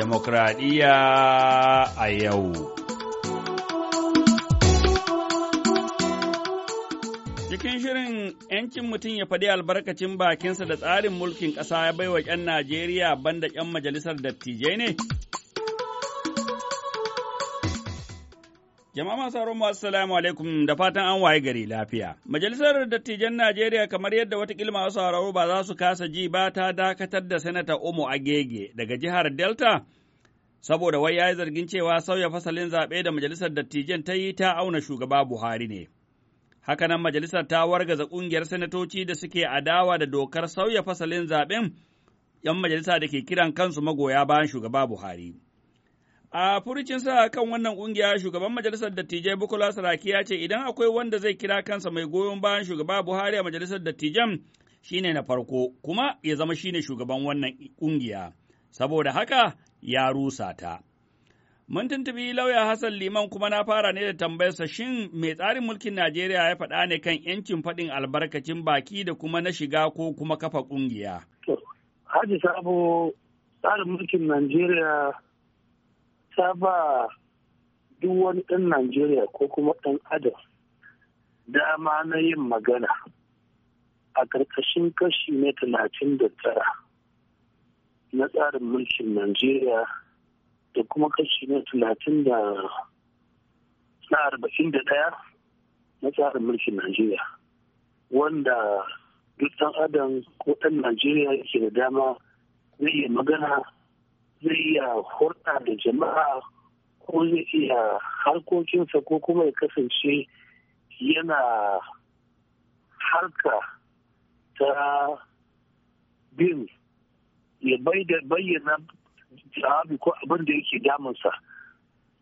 Demokradiyya a yau. Cikin shirin ‘yancin mutum ya faɗi albarkacin bakinsa da tsarin mulkin ƙasa ya baiwa ‘yan Najeriya banda ‘yan majalisar dattijai ne, Jama'a masu sauraron mu assalamu alaikum da fatan an waye gari lafiya. Majalisar Dattijan Najeriya kamar yadda watakila masu sauraro ba za su kasa ji ba ta dakatar da Sanata Umu Agege daga jihar Delta saboda wai yayi zargin cewa sauya fasalin zaɓe da majalisar dattijan ta yi ta auna shugaba Buhari ne. Hakanan majalisar ta wargaza ƙungiyar sanatoci da suke adawa da dokar sauya fasalin zaɓen 'yan majalisa da ke kiran kansu magoya bayan shugaba Buhari. A furucin sa kan wannan ƙungiya shugaban majalisar dattijai Bukola Saraki ya ce idan akwai wanda zai kira kansa mai goyon bayan shugaba Buhari a majalisar dattijan shine na farko kuma ya zama shine shugaban wannan ƙungiya saboda haka ya rusa ta. Mun tuntubi lauya Hassan Liman kuma na fara ne da tambayarsa shin mai tsarin mulkin Najeriya ya faɗa ne kan ‘yancin faɗin albarkacin baki da kuma na shiga ko kuma kafa ƙungiya. Haji Sabo tsarin mulkin Najeriya ta ba duk wani ɗan Najeriya ko kuma ɗan adam dama na yin magana a ƙarƙashin kashi na talatin da tara na tsarin mulkin Najeriya da kuma kashi na talatin da na arba'in da ɗaya na tsarin mulkin Najeriya wanda duk ɗan adam ko ɗan Najeriya yake da dama zai yi magana zai iya hurɗa da jama'a ko zai iya harkokinsa ko kuma ya kasance yana harka ta bin ya bayyana jawabi ko abin da yake damunsa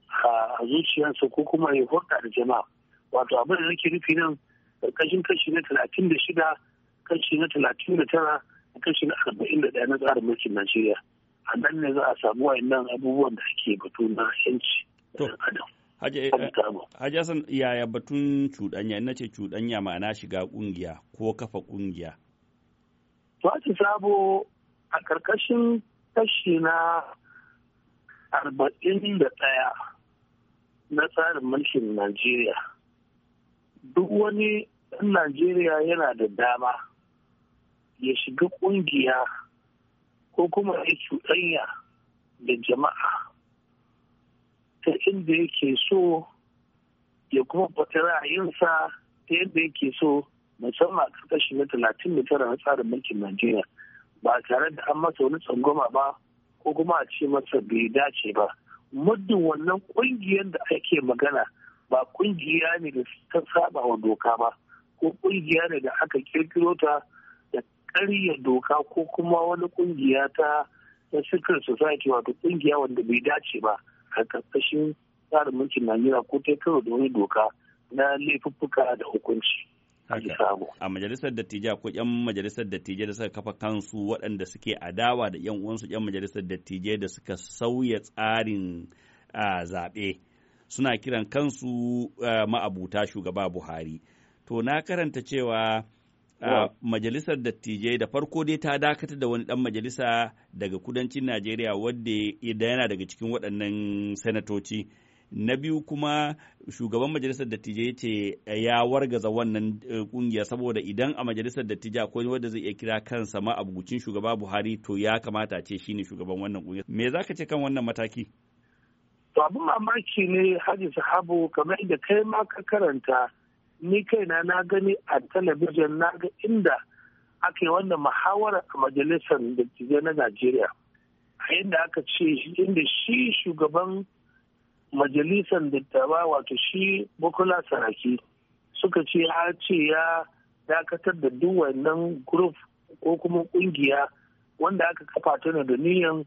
a zuciyarsa ko kuma ya hurɗa da jama'a wato abin da nake nufi nan ƙarƙashin kashi na talatin da shida kashi na talatin da tara kashi na arba'in da ɗaya na tsarin mulkin najeriya a nan ne za a samu wayannan abubuwan da ake batu na yanci adam eh, Hassan yaya batun cuɗanya ina ce cuɗanya ma'ana shiga ƙungiya ko kafa ƙungiya. Fati Sabo a ƙarƙashin kashi na arba'in da ɗaya na tsarin mulkin Najeriya duk wani ɗan Najeriya yana da dama ya shiga ƙungiya ko kuma ya cuɗanya da jama'a ta inda yake so ya kuma fata ra'ayinsa ta yadda yake so musamman a ƙarƙashin na talatin da tara na tsarin mulkin Najeriya ba tare da an masa wani tsangwama ba ko kuma a ce masa bai dace ba muddin wannan ƙungiyar da ake magana ba ƙungiya ne da ta saba wa doka ba ko ƙungiya ne da aka kirkiro ta karya doka ko kuma wani kungiya ta na secret society wato kungiya wanda bai dace ba a karkashin tsarin mulkin najeriya ko ta kawo da wani doka na laifuffuka da hukunci a majalisar dattijai ko yan majalisar dattijai da suka kafa kansu waɗanda suke adawa da yan uwansu yan majalisar dattijai da suka sauya tsarin zaɓe suna kiran kansu ma'abuta shugaba buhari to na karanta cewa Uh, majalisar dattijai da farko dai ta dakatar da wani dan majalisa daga kudancin najeriya wadda yana daga cikin waɗannan sanatoci na biyu kuma shugaban majalisar dattijai ce ya wargaza wannan kungiya eh, saboda idan a majalisar dattijai akwai wanda zai iya kira kansa ma abubucin shugaba buhari to ya kamata ce shine shugaban wannan kungiya me za ka ce kan wannan mataki to abin mamaki ne haji sahabu kamar da kai ma ka karanta ni kaina na gani a talabijin na ga inda ake wannan muhawara a majalisar dattijai na najeriya a inda aka ce inda shi shugaban majalisar dattawa wato shi bukula saraki suka ce ya ce ya dakatar da duk wannan group ko kuma kungiya wanda aka kafa ta da niyan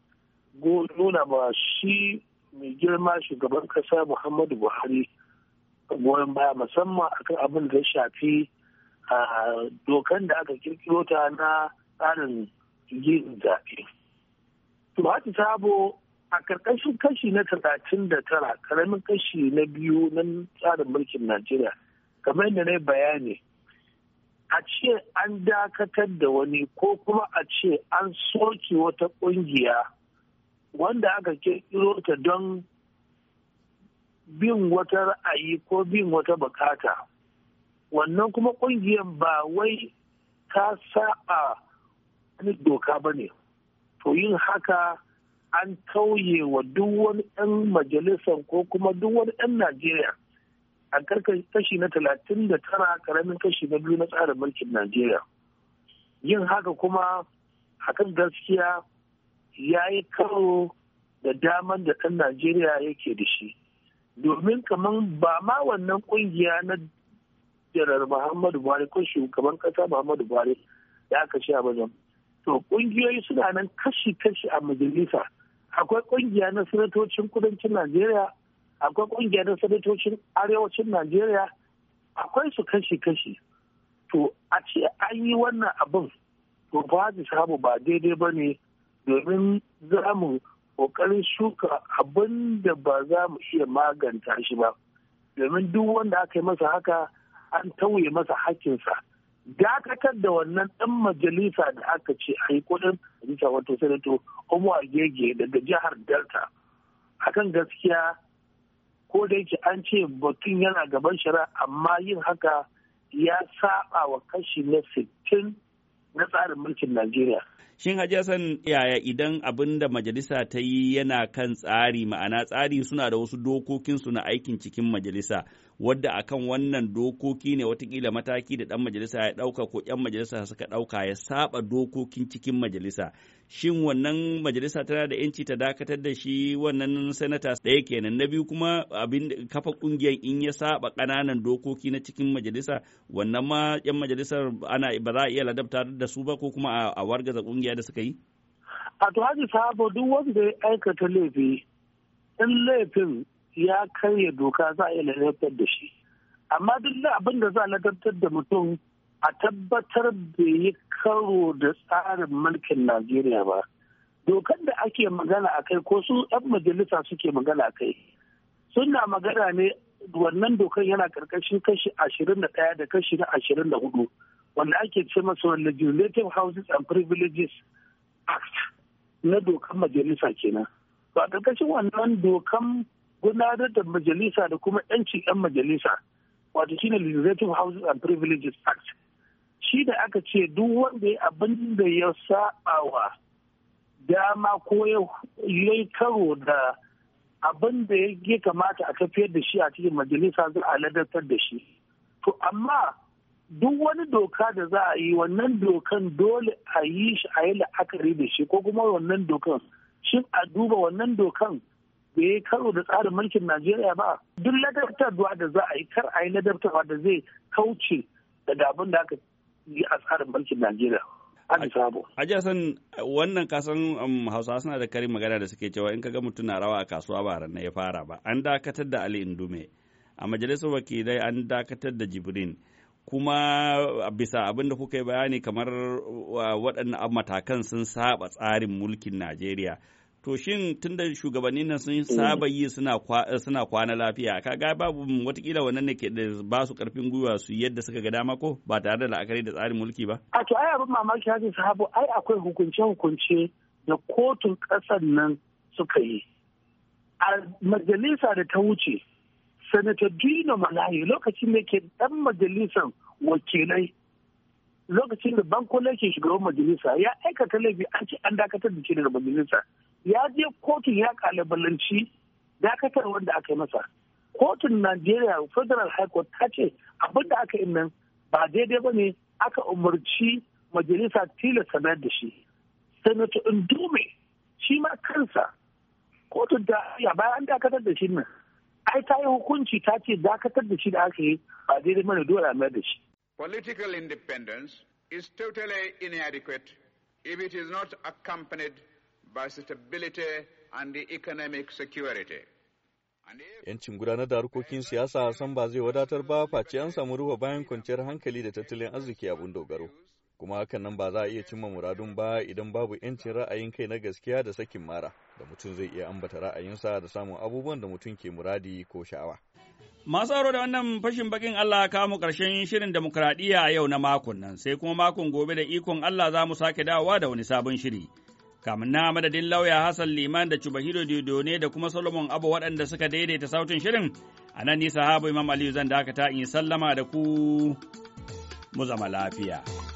nuna ba shi mai girma shugaban kasa muhammadu buhari goyon baya musamman akan abin da ya shafi a dokan da aka kirkiro ta na tsarin yin zaɓe. Tumati Sabo a ƙarƙashin kashi na talatin da tara ƙaramin kashi na biyu na tsarin mulkin Najeriya kamar yadda na yi bayani a ce an dakatar da wani ko kuma a ce an soke wata ƙungiya wanda aka kirkiro ta don bin wata ra'ayi ko bin wata bukata wannan kuma ƙungiyar ba wai ta saba wani doka ba ne to yin haka an kauye wa duk wani 'yan majalisar ko kuma duk wani 'yan najeriya a karkar kashi na talatin da tara karamin kashi na biyu na tsarin mulkin najeriya yin haka kuma hakan gaskiya ya yi karo da daman da ɗan najeriya yake da shi domin kamar ba ma wannan kungiya na jarar muhammadu buhari ko shugaban kasa muhammadu buhari ya aka sha bazan to kungiyoyi suna nan kashi-kashi a majalisa akwai kungiya na sanatocin kudancin najeriya akwai kungiya na sanatocin arewacin najeriya akwai su kashi-kashi to a ce an yi wannan abin to ba da shabu ba daidai ba ne domin za mu ƙoƙarin shuka abin da ba za mu iya maganta shi ba domin duk wanda aka yi masa haka an tauye masa hakinsa dakatar da wannan ɗan majalisa da aka ce a yi kudin majalisa wato sanato umu agege daga jihar delta kan gaskiya ko da yake an ce Bakin yana gaban shara, amma yin haka ya saba wa kashi na sittin na tsarin mulkin najeriya Shin Hajji Hassan yaya idan abin da majalisa ta yi yana kan tsari ma'ana tsari suna da wasu dokokinsu na aikin cikin majalisa wadda akan wannan dokoki ne watakila mataki da ɗan majalisa ya ɗauka ko ‘yan majalisa suka ɗauka ya saba dokokin cikin majalisa. Shin wannan majalisa tana da ‘yanci ta dakatar da shi wannan sanata ɗaya kenan na biyu kuma abin kafa ƙungiyar in ya saba ƙananan dokoki na cikin majalisa wannan ma ƴan majalisar ana ba za a iya ladabtar da su ba ko kuma a wargaza ƙungiyar ƙarya da suka yi? A to haji sabo duk wanda ya aikata laifi in laifin ya karya doka za a iya lalatar da shi. Amma duk abin da za a da mutum a tabbatar bai yi karo da tsarin mulkin Najeriya ba. Dokar da ake magana a kai ko su 'yan majalisa suke magana a kai. Suna magana ne wannan dokar yana karkashin kashi ashirin da ɗaya da kashi na ashirin da hudu wanda ake ce masa wanda Relative Houses and Privileges Act na dokan majalisa kenan. To a ƙarƙashin wannan dokan gudanar da majalisa da kuma 'yancin 'yan majalisa wato shine Legislative Houses and Privileges Act. Shi da aka ce duk wanda ya abin da ya saɓawa dama ko ya yi karo da abin da ya kamata a tafiyar da shi a cikin majalisa zai a ladantar da shi. To amma duk wani doka da za a yi wannan dokan dole a yi shi a yi la'akari da shi ko kuma wannan dokan shi a duba wannan dokan da ya karo da tsarin mulkin najeriya ba duk ladabtarwa da za a yi kar a yi ladabtarwa da zai kauce daga abin da aka yi a tsarin mulkin najeriya a ji san wannan um, kasan hausa suna da karin magana da suke cewa in ka ga mutum na rawa a kasuwa ba ranar ya fara ba an dakatar da ali indume a majalisar wakilai an dakatar da jibrin kuma bisa abin da kuka yi bayani kamar waɗannan matakan sun saba tsarin mulkin Najeriya. To shin tun da shugabannin nan sun mm. saba yi suna kwana lafiya, kaga babu watakila wannan ne ke da ba su karfin gwiwa su yadda suka ga dama ko ba tare da la'akari da tsarin mulki ba? A to ai abin mamaki haka sabo ai akwai hukunce-hukunce da kotun ƙasar nan suka yi. A majalisa da ta wuce Senator Dino Malayi lokacin da ke ɗan majalisar wakilai lokacin da banko ke shugaban majalisa ya aikata laifi an ce an dakatar da shi daga majalisa ya je kotun ya kalabalanci dakatar wanda aka yi masa kotun najeriya federal high court ta ce abin da aka yi nan ba daidai ba ne aka umarci majalisa tilo sanar da shi senator Ndume shi ma kansa kotun ta ya bayan dakatar da shi nan ai ta yi hukunci ta ce dakatar da shi da aka yi ba daidai mana dole a mayar da shi. Political independence is totally inadequate if it is not accompanied by stability and the economic security. Yancin gudanar da harkokin siyasa san ba zai wadatar ba face an samu ruwa bayan kwanciyar hankali da tattalin arziki abun dogaro. kuma hakan nan ba za a iya cimma muradun ba idan babu yancin ra'ayin kai na gaskiya da sakin mara da mutum zai iya ambata ra'ayinsa da samun abubuwan da mutum ke muradi ko sha'awa. Masu aro da wannan fashin bakin Allah ka mu karshen shirin demokradiyya a yau na makon nan sai kuma makon gobe da ikon Allah za mu sake dawowa da wani sabon shiri. Kamun na madadin lauya Hassan Liman da Cubahiro Dido ne da kuma Solomon Abu waɗanda suka daidaita sautin shirin a nan ni sahabu Imam Aliyu zan dakata in sallama da ku mu zama lafiya.